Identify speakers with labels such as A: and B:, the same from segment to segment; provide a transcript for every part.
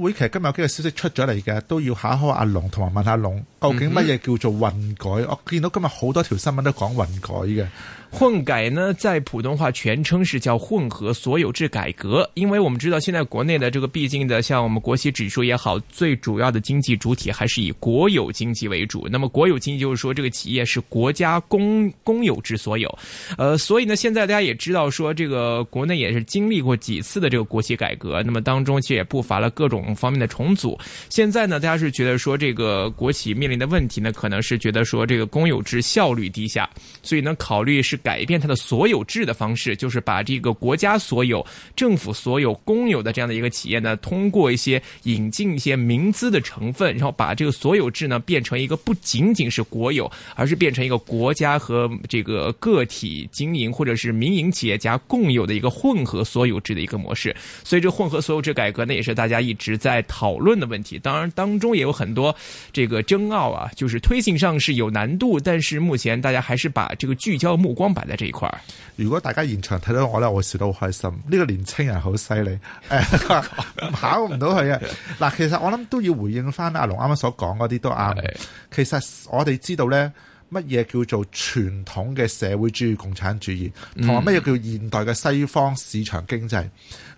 A: 會其實今日有幾個消息出咗嚟嘅，都要考下阿龍，同埋問下龍，究竟乜嘢叫做混
B: 改，嗯嗯？我見到今日好多條新聞都講混改嘅。混改呢，在普通話全稱是叫混合所有制改革，因為我們知道現在國內的這個畢竟的，像我們國企指數也好，最主要的經濟主體還是以國有經濟為主。那麼國有經濟就是說，這個企業是國家公公有制所有。呃，所以呢，現在大家也知道，說這個國內也是經歷過幾次的這個國企改革，那麼當中其實也不乏了各種。種方面的重組，現在呢，大家是覺得說這個國企面臨的問題呢，可能是覺得說這個公有制效率低下，所以呢，考慮是改變它的所有制的方式，就是把這個國家所有、政府所有、公有的這樣的一個企業呢，通過一些引進一些民資的成分，然後把這個所有制呢變成一個不僅僅是國有，而是變成一個國家和這個個體經營或者是民營企業家共有的一個混合所有制的一個模式。所以，這混合所有制改革呢，也是大家一直，只在討論的問題，當然當中也有很多這個爭拗啊，就是推行上是有難度，但是目前大家還是把這個聚焦的目光擺在這一塊。如果大家現
A: 場睇到我呢，我會笑得好開心。呢個年輕人
B: 好犀利， 考唔到佢
A: 啊！嗱，其實我諗都要回應翻阿龍啱啱所講嗰啲都啱。其實我哋知道呢，乜嘢叫做傳統嘅社會主義共產主義，同埋乜嘢叫現代嘅西方市場經濟。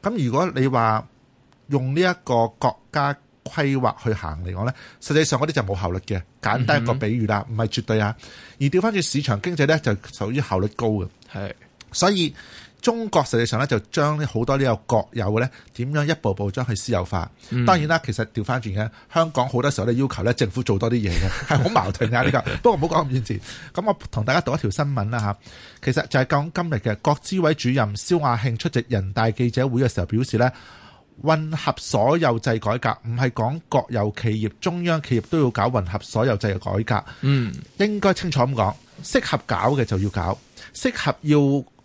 A: 咁如果你話，用呢一個國家規劃去行嚟講咧，實際上嗰啲就冇效率嘅。簡單一個比喻啦，唔、嗯、係絕對啊。而調翻轉市場經濟咧，就屬於效率高嘅。係，所以中國實際上咧就將好多呢個國有嘅咧點樣一步步將佢私有化。嗯、當然啦，其實調翻轉嘅香港好多時候呢，要求咧政府做多啲嘢嘅係好矛盾㗎。呢、 呢個不過唔好講咁遠前咁，我同大家讀一條新聞啦吓，其實就係講今日嘅國資委主任肖亞慶出席人大記者會嘅時候表示咧。混合所有制改革唔係講國有企業、中央企業都要搞混合所有制嘅改革。嗯，應該清楚咁講，適合搞嘅就要搞，適合要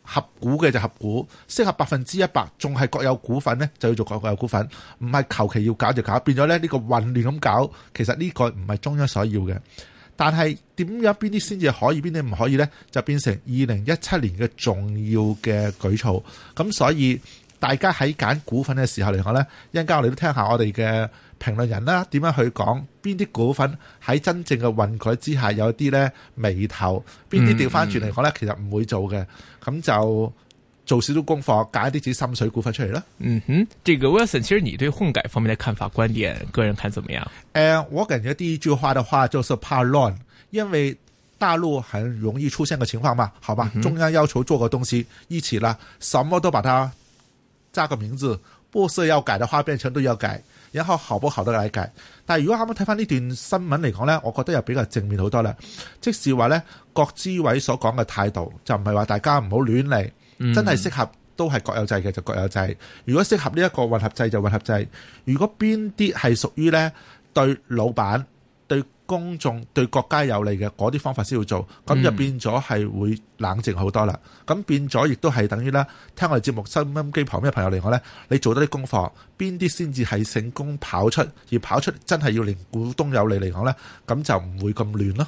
A: 合股嘅就合股，適合百分之一百仲係國有股份呢，就要做國有股份。唔係求其要搞就搞，變咗咧呢個混亂咁搞，其實呢個唔係中央所要嘅。但係點樣邊啲先至可以，邊啲唔可以呢，就變成二零一七年嘅重要嘅舉措。咁所以。大家喺揀股份嘅時候嚟講咧，一陣間我哋都聽下我哋嘅評論人啦，點樣去講邊啲股份喺真正嘅混改之下有啲咧眉頭，邊啲調翻轉嚟講咧，其實唔會做嘅，咁、嗯嗯、就做少少功課，揀一啲自己心水股份出嚟啦。
B: 嗯哼、嗯，這個 Wilson，其實你對混改方面的看法、觀點，個人看怎麼樣？
A: 誒、呃，我感覺第一句話嘅話就是怕亂，因為大陸很容易出現嘅情況嘛，好吧、嗯，中央要求做個東西，一起啦，什麼都把它。揸個名字，波士要改的花邊層都要改，然後好不好都嚟改。但係如果啱啱睇翻呢段新聞嚟講咧，我覺得又比較正面好多啦。即使話咧，國資委所講嘅態度就唔係話大家唔好亂嚟，真係適合都係國有制嘅就國有制。如果適合呢一個混合制就混合制。如果邊啲係屬於咧對老闆，公眾對國家有利嘅嗰啲方法先要做，咁就變咗係會冷靜好多啦。咁變咗亦都係等於呢，聽我哋節目收音機旁邊嘅朋友嚟講呢，你做多啲功課，邊啲先至係成功跑出，而跑出真係要連股東有利嚟講呢，咁就
B: 唔會咁亂咯。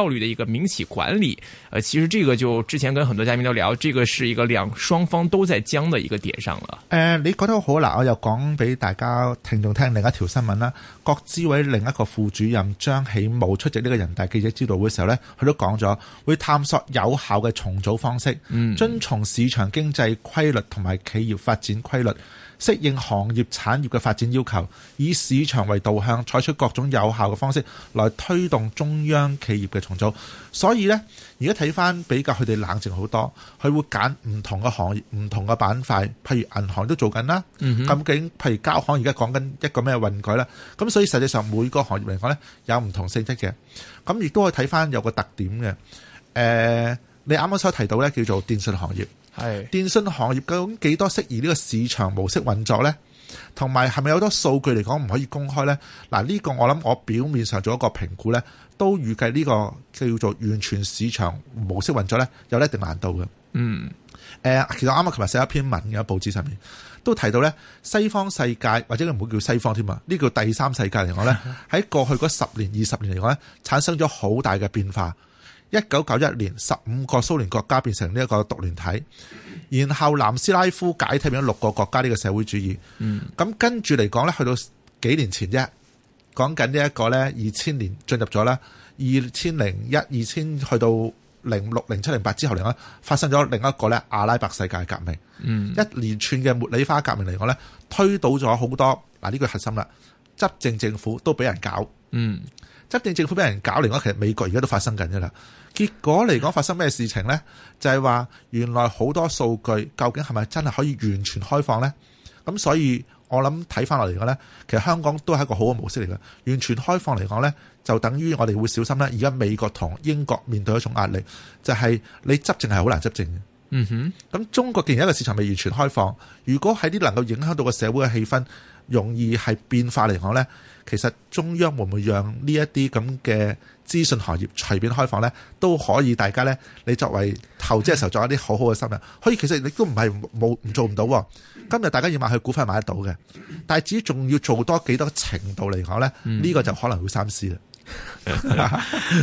B: 效率的一個民企管理，誒，其實這個就之前跟很多嘉賓都聊，這個是一個兩雙方都在僵的一個點上了。
A: 誒，你覺得好啦，我又講俾大家聽眾聽另一條新聞啦。國資委另一個副主任張喜武出席呢個人大記者招待會嘅時候呢，佢都講咗會探索有效嘅重組方式，嗯，遵從市場經濟規律同埋企業發展規律。適應行業產業嘅發展要求，以市場為導向，採取各種有效嘅方式，來推動中央企業嘅重組。所以呢，而家睇翻比較佢哋冷靜好多，佢會揀唔同嘅行業、唔同嘅板塊，譬如銀行都做緊啦。咁、嗯、究竟，譬如交行而家講緊一個咩混改啦。咁所以實際上每個行業嚟講呢，有唔同性質嘅。咁亦都可以睇翻有個特點嘅。誒、呃，你啱啱所提到呢，叫做電信行業。係，電信行業究竟幾多適宜呢個市場模式運作呢？同埋係咪有，是是有多數據嚟講唔可以公開呢？嗱、這、呢個我諗我表面上做一個評估呢，都預計呢個叫做完全市場模式運作呢，有一定難度嘅。嗯，誒，其實啱啱琴日寫一篇文嘅報紙上面都提到呢，西方世界或者唔好叫西方添啊，呢叫第三世界嚟講呢，喺 過去嗰十年、二十年嚟講呢，產生咗好大嘅變化。一九九一年，十五個蘇聯國家變成呢一個獨聯體，然後南斯拉夫解體變咗六個國家呢個社會主義。嗯、咁跟住嚟講呢去到幾年前啫，講緊呢一個呢二千年進入咗呢二千零一、二千去到零六、零七、零八之後嚟講，發生咗另一個呢阿拉伯世界革命、嗯。一連串嘅茉莉花革命嚟講咧，推倒咗好多嗱，呢個核心啦，執政政府都俾人搞。嗯、執政政府俾人搞嚟講，其實美國而家都發生緊嘅啦。結果嚟講發生咩事情呢？就係話原來好多數據究竟係咪真係可以完全開放呢？咁所以我諗睇翻落嚟嘅呢，其實香港都係一個好嘅模式嚟嘅。完全開放嚟講呢，就等於我哋會小心啦。而家美國同英國面對一種壓力，就係你執政係好難執政嗯哼，咁中國既然一個市場未完全開放，如果喺啲能夠影響到個社會嘅氣氛，容易係變化嚟講呢，其實中央會唔會讓呢一啲咁嘅資訊行業隨便開放呢？都可以大家呢，你作為投資嘅時候，做一啲好好嘅深入，可以其實你都唔係冇唔做唔到喎。今日大家要買佢股份買得到嘅，但係至於仲要做多幾多程度嚟講呢，呢、嗯呢個就可能會三思啦。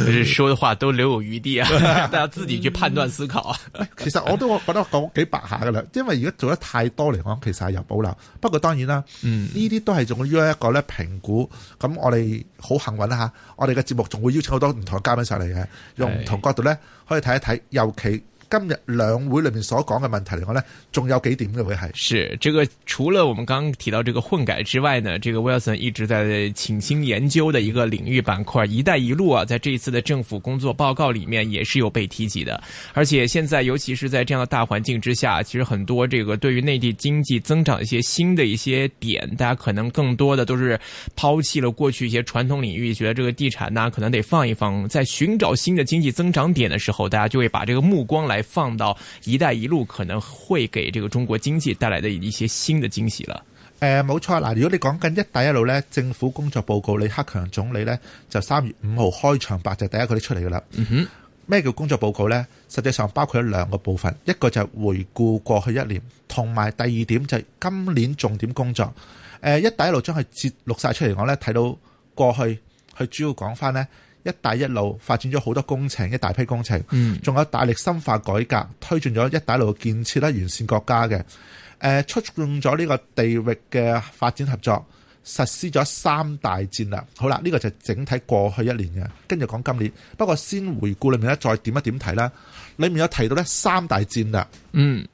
B: 是說的話都留有餘地啊， 大家自己去判斷思考，
A: 其。其實我都覺得我講幾白下噶啦，因爲而家做得太多嚟講，其實係有保留。不過當然啦，呢啲都係仲要一個咧評估。咁我哋好幸運啦吓，我哋嘅節目仲會邀請好多唔同嘅嘉賓上嚟嘅，用唔同角度咧可以睇一睇，尤其。今日兩會裏面所講的問題嚟講呢仲有幾
B: 點呢？會係？是，這個除了我們剛剛提到這個混改之外呢，這個 Wilson 一直在傾心研究的一個領域板塊，一帶一路啊，在這一次的政府工作報告裏面也是有被提及的。而且現在，尤其是在這樣的大環境之下，其實很多這個對於內地經濟增長一些新的一些點，大家可能更多的都是拋棄了過去一些傳統領域，覺得這個地產呢、啊、可能得放一放，在尋找新的經濟增長點的時候，大家就會把這個目光來。放到一帶一路可能會給這個中國經濟帶來的一些新的驚喜
A: 了。誒、呃，冇錯啦，如果你講緊一帶一路呢，政府工作報告李克強總理呢就三月五號開場白就是、第一個都出嚟噶啦。嗯哼，咩叫工作報告呢？實際上包括咗兩個部分，一個就係回顧過去一年，同埋第二點就係今年重點工作。誒、呃，一帶一路將係截錄晒出嚟，我呢，睇到過去，佢主要講翻呢。一帶一路發展咗好多工程，一大批工程，仲、嗯、有大力深化改革，推進咗一帶路嘅建設啦，完善國家嘅，誒、呃，促進咗呢個地域嘅發展合作，實施咗三大戰略。好啦，呢、這個就整體過去一年嘅，跟住講今年。不過先回顧裏面咧，再點一點睇啦。裏面有提到呢三大戰略，嗯，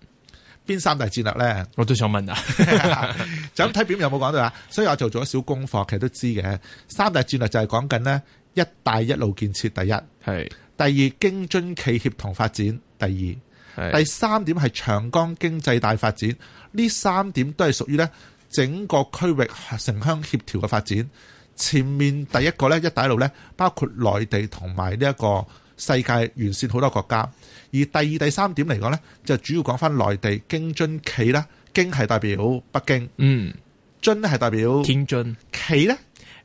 A: 邊三大戰略咧？我都想問啊， 就咁睇表面有冇講到啊？所以我做咗少功課，其實都知嘅。三大戰略就係講緊呢。一帶一路建設第一，第二，京津企協同發展第二，第三點係長江經濟大發展。呢三點都係屬於整個區域城鄉協調嘅發展。前面第一個呢，一帶一路包括內地同埋呢一個世界沿線好多國家。而第二、第三點嚟講呢，就主要講翻內地京津企啦，京係代表北京，嗯，津係代表天津，企咧。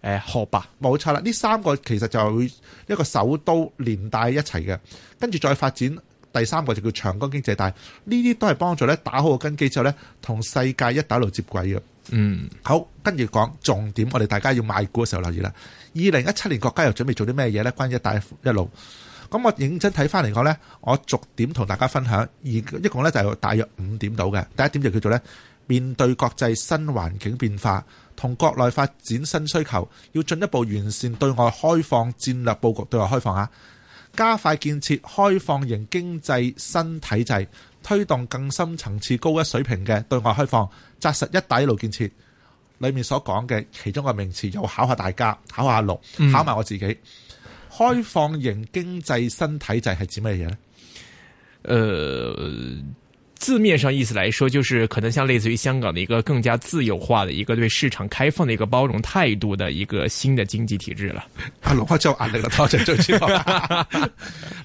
A: 誒河北冇錯啦，呢三個其實就係一個首都連帶一齊嘅，跟住再發展第三個就叫長江經濟帶，呢啲都係幫助咧打好個根基之後咧，同世界一帶一路接軌嘅。嗯，好，跟住講重點，我哋大家要買股嘅時候留意啦。二零一七年國家又準備做啲咩嘢咧？關於一帶一路，咁我認真睇翻嚟講咧，我逐點同大家分享，而一共咧就係大約五點到嘅。第一點就叫做咧。面對國際新環境變化同國內發展新需求，要進一步完善對外開放戰略佈局，對外開放啊，加快建設開放型經濟新體制，推動更深層次、高一水平嘅對外開放，紮實一帶一路建設裏面所講嘅其中個名詞，又考下大家，考下六，考埋我自己，嗯，開放型經濟新體
B: 制係指乜嘢呢誒。呃字面上意思來說，就是可能像類似於香港的一個更加自由化的一個對市場開放的一個包容態度的一個新的經濟體制了。嗱、
A: 啊。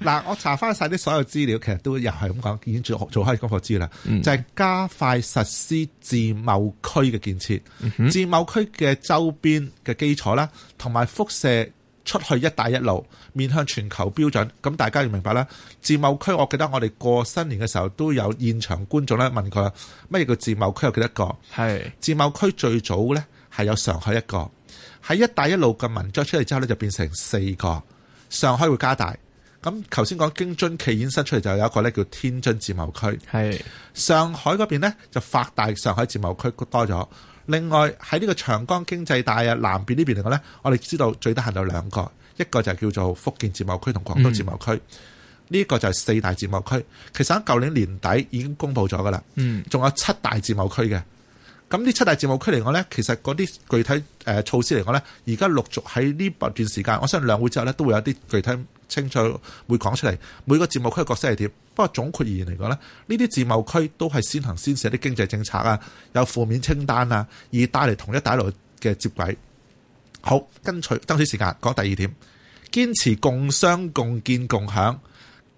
A: 我查翻晒啲所有資料，其實都又係咁講，已經做做開功課資料啦，就係、是、加快實施自貿區嘅建設、嗯，自貿區嘅周邊嘅基礎啦，同埋輻射。出去一帶一路，面向全球標準，咁大家要明白啦。自貿區，我記得我哋過新年嘅時候都有現場觀眾咧問佢，乜嘢叫自貿區？有幾多個？係自貿區最早呢係有上海一個，喺一帶一路嘅文章出嚟之後呢，就變成四個，上海會加大。咁頭先講京津冀衍生出嚟就有一個呢叫天津自貿區，係上海嗰邊呢，就發大上海自貿區多咗。另外喺呢個長江經濟帶啊，南邊呢邊嚟講呢我哋知道最得閒有兩個，一個就係叫做福建自貿區同廣東自貿區，呢、mm. 一個就係四大自貿區。其實喺舊年年底已經公布咗噶啦，嗯，仲有七大自貿區嘅。咁呢七大自貿區嚟講呢其實嗰啲具體誒措施嚟講呢而家陸續喺呢段時間，我相信兩會之後呢都會有啲具體。清楚會講出嚟，每個自貿區嘅角色係點。不過總括而言嚟講呢啲自貿區都係先行先試啲經濟政策啊，有負面清單啊，以帶嚟同一大陸嘅接軌。好，跟隨爭取時間講第二點，堅持共商共建共享，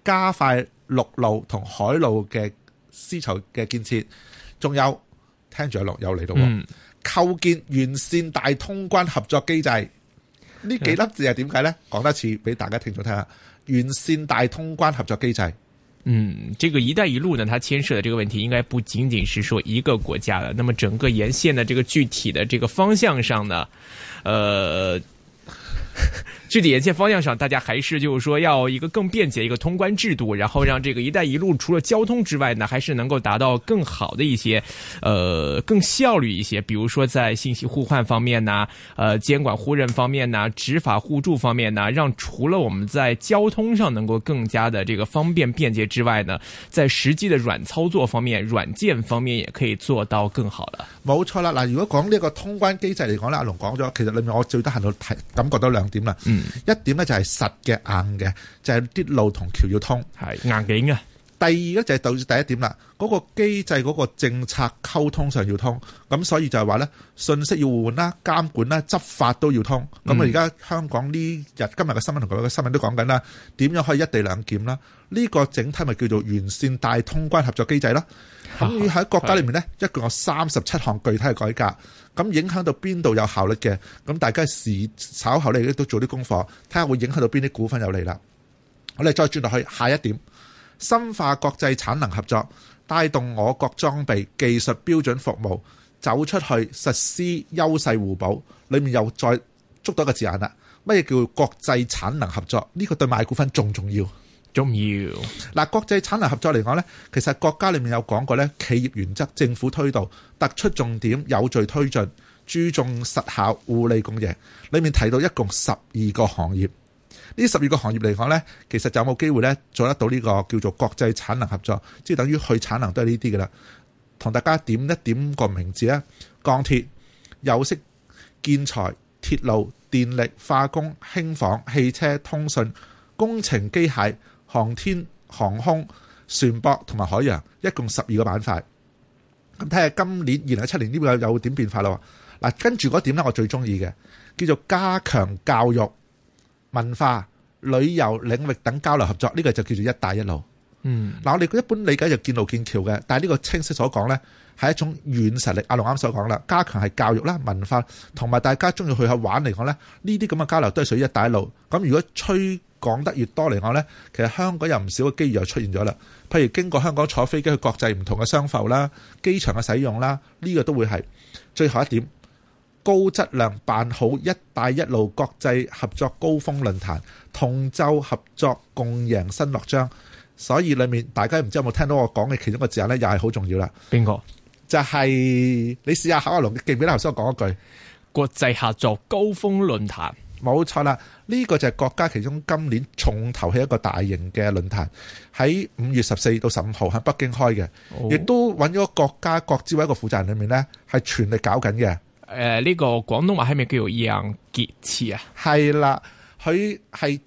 A: 加快陸路同海路嘅絲綢嘅建設，仲有聽住阿龍又嚟到，構建完善大通關合作機制。呢幾粒字係點解呢？講多次俾大家聽咗聽下，完善大
B: 通關合作機制。嗯，這個“一帶一路”呢，它牽涉的這個問題，應該不僅僅是說一個國家了。那麼整個沿線的這個具體的這個方向上呢，呃。具體沿線方向上，大家還是就是說要一個更便捷，一個通關制度，然後讓這個“一帶一路”除了交通之外呢，還是能夠達到更好的一些，呃，更效率一些。比如說在信息互換方面呢、啊，呃，監管互認方面呢、啊，執法互助方面呢、啊，讓除了我們在交通上能夠更加的這個方便便捷之外呢，在實際的軟操作方面、軟件方面也可以做到更好了。
A: 冇錯啦，嗱，如果講呢個通關機制嚟講呢，阿龍講咗，其實裏面我最得閒到睇感覺到兩點啦，嗯。一點咧就係實嘅硬嘅，就係、是、啲路同橋要通，係硬景嘅。第二咧就係導致第一點啦，嗰、那個機制嗰個政策溝通上要通，咁所以就係話呢，信息要互換啦，監管啦，執法都要通。咁、嗯、啊，而家香港呢日今日嘅新聞同各位嘅新聞都講緊啦，點樣可以一地兩檢啦？呢、這個整體咪叫做完善大通關合作機制咯。咁、啊、喺國家裏面呢，一共有三十七項具體嘅改革，咁影響到邊度有效率嘅？咁大家時稍後咧都做啲功課，睇下會影響到邊啲股份有利啦。我哋再轉落去下一點。深化國際產能合作，帶動我國裝備技術標準服務走出去，實施優勢互補，裏面又再捉到個字眼啦，乜嘢叫國際產能合作？呢、這個對賣股份仲重要？重要嗱！國際產能合作嚟講咧，其實國家裏面有講過咧，企業原則，政府推動，突出重點，有序推進，注重實效、互利共贏，裏面提到一共十二個行業。呢十二個行業嚟講呢，其實就有冇機會呢？做得到呢個叫做國際產能合作，即係等於去產能都係呢啲噶啦。同大家點一點個名字咧，鋼鐵、有色、建材、鐵路、電力、化工、輕紡、汽車、通訊、工程機械、航天、航空、船舶同埋海洋，一共十二個板塊。咁睇下今年二零一七年呢個又點變化咯。嗱，跟住嗰點呢，我最中意嘅叫做加強教育。文化、旅遊領域等交流合作，呢個就叫做一帶一路。嗱，我哋一般理解就建路建橋嘅，但係呢個清晰所講呢，係一種軟實力。阿龍啱所講啦，加強係教育啦、文化同埋大家鍾意去下玩嚟講呢，呢啲咁嘅交流都係屬於一帶一路。咁如果吹講得越多嚟講呢，其實香港有唔少嘅機遇又出現咗啦。譬如經過香港坐飛機去國際唔同嘅商埠啦、機場嘅使用啦，呢個都會係最後一點。高質量辦好“一帶一路”國際合作高峰論壇，同舟合作，共贏新樂章。所以裏面大家唔知有冇聽到我講嘅其中個字眼呢，又係好重要啦。邊個就係、是、你試下考下龍記唔記得頭先我講一句“國際合作高峰論壇”？冇錯啦，呢、這個就係國家其中今年重頭戲一個大型嘅論壇，喺五月十四到十五號喺北京開嘅，亦都揾咗國家國資委一個負責人裏面呢，係全力搞緊嘅。
B: 誒，呢個廣東話係咪叫做楊潔篪啊？係啦，佢係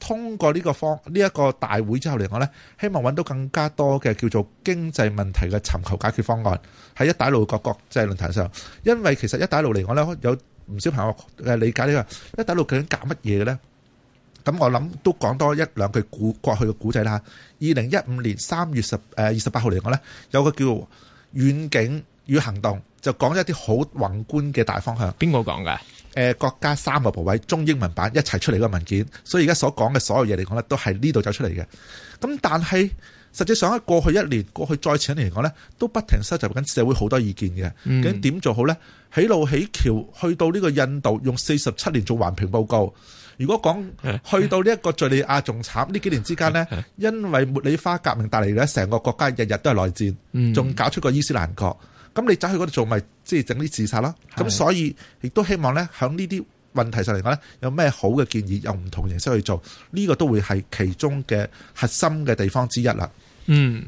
B: 通過呢個方呢一個大
A: 會之後嚟講咧，希望揾到更加多嘅叫做經濟問題嘅尋求解決方案喺一帶一路各國國際論壇上。因為其實一帶一路嚟講咧，有唔少朋友嘅理解呢個一帶一路究竟搞乜嘢嘅咧？咁我諗都講多一兩句古過去嘅古仔啦。二零一五年三月十誒二十八號嚟講咧，有個叫願景與行動。就講一啲好宏觀嘅大方向。邊個講嘅？誒、呃，國家三個部委中英文版一齊出嚟個文件，所以而家所講嘅所有嘢嚟講呢都係呢度走出嚟嘅。咁但係實際上喺過去一年、過去再次一年嚟講呢都不停收集緊社會好多意見嘅。咁究竟點做好呢？起路起橋，去到呢個印度用四十七年做環評報告。如果講去到呢一個敍利亞仲慘，呢 幾年之間呢，因為茉莉花革命帶嚟嘅呢成個國家日日都係內戰，仲搞出個伊斯蘭國。咁你走去嗰度做咪即係整啲自殺咯？咁所以亦都希望咧，喺呢啲問題上嚟講咧，有咩好嘅建議，有唔同形式去做，呢個都會係其中嘅核心嘅地方之一啦。嗯，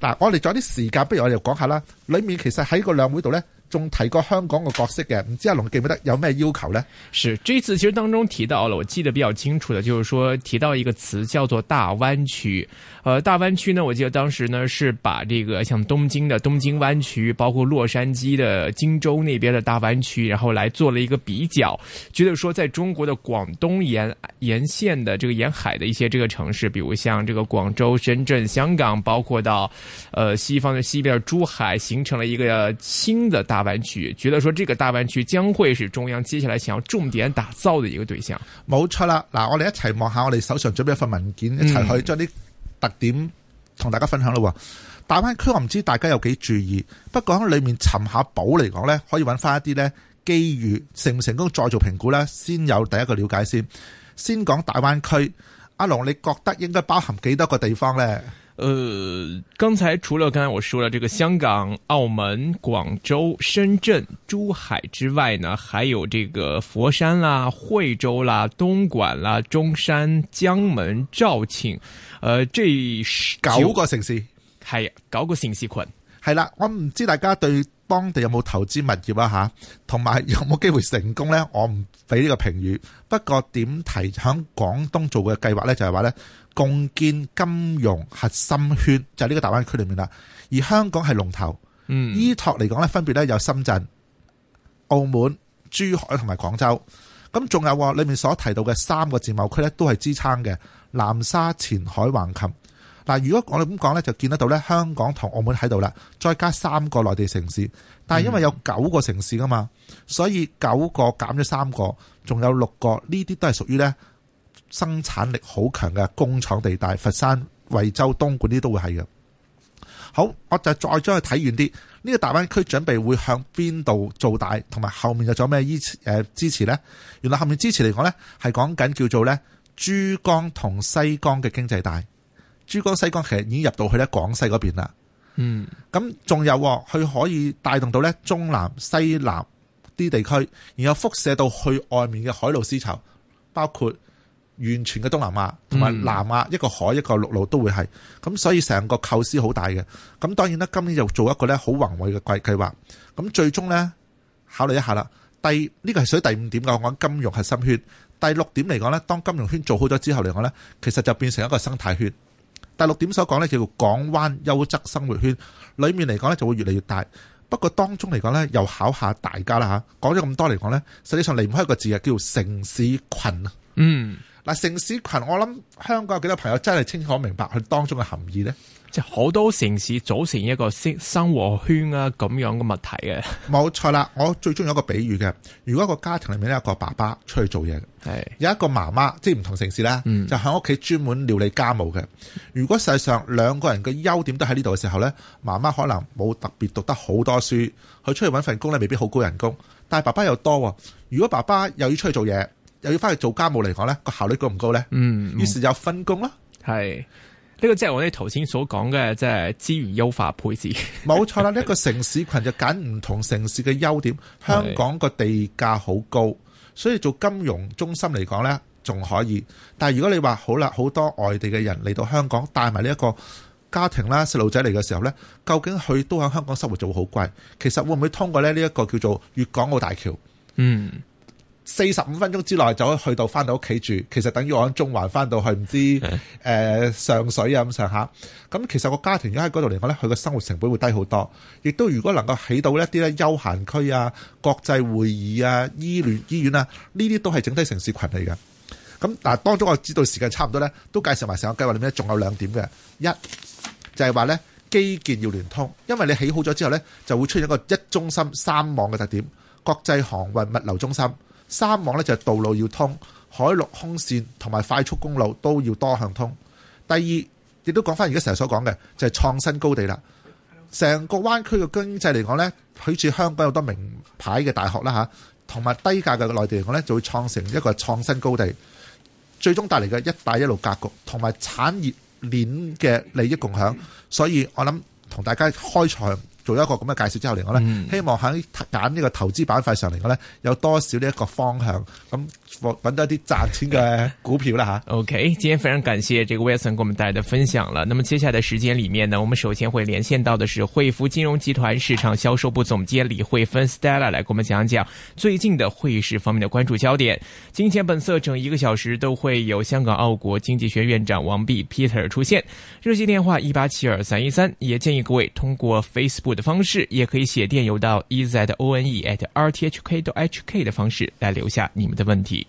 A: 嗱，我哋仲有啲時間，不如我哋講下啦。裏面其實喺個兩會度咧。中提過香港個角色嘅，唔知阿龍記唔記得有咩要求呢？
B: 是這次其實當中提到了，我記得比較清楚的，就是說提到一個詞叫做大灣區。呃，大灣區呢，我記得當時呢是把這個像東京的東京灣區，包括洛杉磯的荊州那邊的大灣區，然後來做了一個比較，覺得說在中國的廣東沿沿線的這個沿海的一些這個城市，比如像這個廣州、深圳、香港，包括到呃西方的西邊的珠海，形成了一個新的大灣。灣區覺得說，這個大灣區將會是中央接下來想要重點打造的一個對象。
A: 冇錯啦，嗱，我哋一齊望下我哋手上準備一份文件，一齊去將啲特點同大家分享咯，嗯。大灣區我唔知大家有幾注意，不過喺裏面尋下寶嚟講呢，可以揾翻一啲呢機遇，成唔成功再做評估呢。先有第一個了解先。先講大灣區，阿龍你覺得應該包含幾多個地方呢？
B: 呃，剛才除了剛才我說了這個香港、澳門、廣州、深圳、珠海之外呢，還有這個佛山啦、惠州啦、東莞啦、中山、江門、肇慶，呃，這九個城市，係，啊，九個城市群，係啦、啊，我唔知
A: 大家對。當地有冇投資物業啊？嚇，同埋有冇機會成功呢？我唔俾呢個評語。不過點提響廣東做嘅計劃呢？就係話呢，共建金融核心圈，就係、是、呢個大灣區裏面啦。而香港係龍頭，依、嗯、託嚟講呢，分別咧有深圳、澳門、珠海同埋廣州。咁仲有裏面所提到嘅三個自貿區呢，都係支撐嘅南沙、前海、橫琴。嗱，如果我哋咁講呢，就見得到呢，香港同澳門喺度啦，再加三個內地城市。但係因為有九個城市噶嘛，所以九個減咗三個，仲有六個。呢啲都係屬於呢生產力好強嘅工廠地帶，佛山、惠州、東莞呢啲都會係嘅。好，我就再將佢睇遠啲。呢個大灣區準備會向邊度做大，同埋後面有咗咩支持呢？原來後面支持嚟講呢，係講緊叫做呢珠江同西江嘅經濟帶。珠江西江其實已經入到去咧廣西嗰邊啦。嗯，咁仲有佢可以帶動到咧中南西南啲地區，然後輻射到去外面嘅海路絲綢，包括完全嘅東南亞同埋南亞一，一個海一個陸路都會係咁，嗯，所以成個構思好大嘅。咁當然啦，今年就做一個咧好宏偉嘅計計劃。咁最終呢考慮一下啦。第呢個係屬於第五點我講，金融核心圈。第六點嚟講呢，當金融圈做好咗之後嚟講呢，其實就變成一個生態圈。第六點所講呢，叫做港灣優質生活圈，裏面嚟講呢，就會越嚟越大。不過當中嚟講呢，又考下大家啦嚇。講咗咁多嚟講呢，實際上離唔開一個字啊，叫城市群。啊。嗯。嗱，城市群，我諗香港有幾多朋友真係清，清楚
B: 明白佢當中嘅含義呢？即係好多城市組成一個生生活圈啊，咁樣嘅物體嘅。冇錯啦，我最中意一個比喻嘅。如果一個家庭裏面咧，有一個爸爸
A: 出去做嘢，嗯、有一個媽媽，即係唔同城市咧，就喺屋企專門料理家務嘅。如果實際上兩個人嘅優點都喺呢度嘅時候呢，媽媽可能冇特別讀得好多書，佢出去揾份工咧未必好高人工，但係爸爸又多。如果爸爸又要出去做嘢。又要翻去做家務嚟講，呢個效率高唔高呢？嗯，於、嗯、是就分工啦。係呢、這個即係我哋頭先所講嘅，即係資源優化配置。冇錯啦，呢、這、一個城市群就揀唔同城市嘅優點。 香港個地價好高，所以做金融中心嚟講呢，仲可以。但係如果你話好啦，好多外地嘅人嚟到香港帶埋呢一個家庭啦、細路仔嚟嘅時候呢，究竟佢都喺香港生活做好貴。其實會唔會通過呢一個叫做粵港澳大橋？
B: 嗯。
A: 四十五分鐘之內就可以去到，翻到屋企住，其實等於我喺中環翻到去，唔知誒、呃、上水啊咁上下。咁其實個家庭如果喺嗰度嚟講呢，佢個生活成本會低好多。亦都如果能夠起到一啲咧休閒區啊、國際會議啊、醫聯醫院啊，呢啲都係整體城市群嚟嘅。咁嗱，當中我知道時間差唔多呢，都介紹埋成個計劃裡面仲有兩點嘅，一就係話呢，基建要聯通，因為你起好咗之後呢，就會出現一個一中心三網嘅特點，國際航運物流中心。三網咧就係道路要通，海陸空線同埋快速公路都要多向通。第二，亦都講返而家成日所講嘅就係、是、創新高地啦。成個灣區嘅經濟嚟講呢，喺住香港有好多名牌嘅大學啦嚇，同埋低價嘅內地嚟講呢，就會創成一個創新高地，最終帶嚟嘅一帶一路格局同埋產業鏈嘅利益共享。所以，我諗同大家開場。做一個咁嘅介紹之後嚟講呢，希望喺揀呢個投資板塊上嚟講呢，有多少呢一個方向，咁揾多啲賺錢嘅
B: 股票啦吓 OK，今天非常感謝呢個 Wilson 給我們帶來嘅分享啦。那麼接下來嘅時間裡面呢，我們首先會連線到嘅是匯福金融集團市場銷售部總監李惠芬 Stella 來給我們講講最近嘅匯市方面的關注焦點。《金錢本色》整一個小時都會有香港澳國經濟學院長王弼 Peter 出現。熱線電話一八七二三一三，也建議各位通過 Facebook 的方式，也可以寫電郵到 e z o n e at r t h k. dot h k 的方式來留下你們的問題。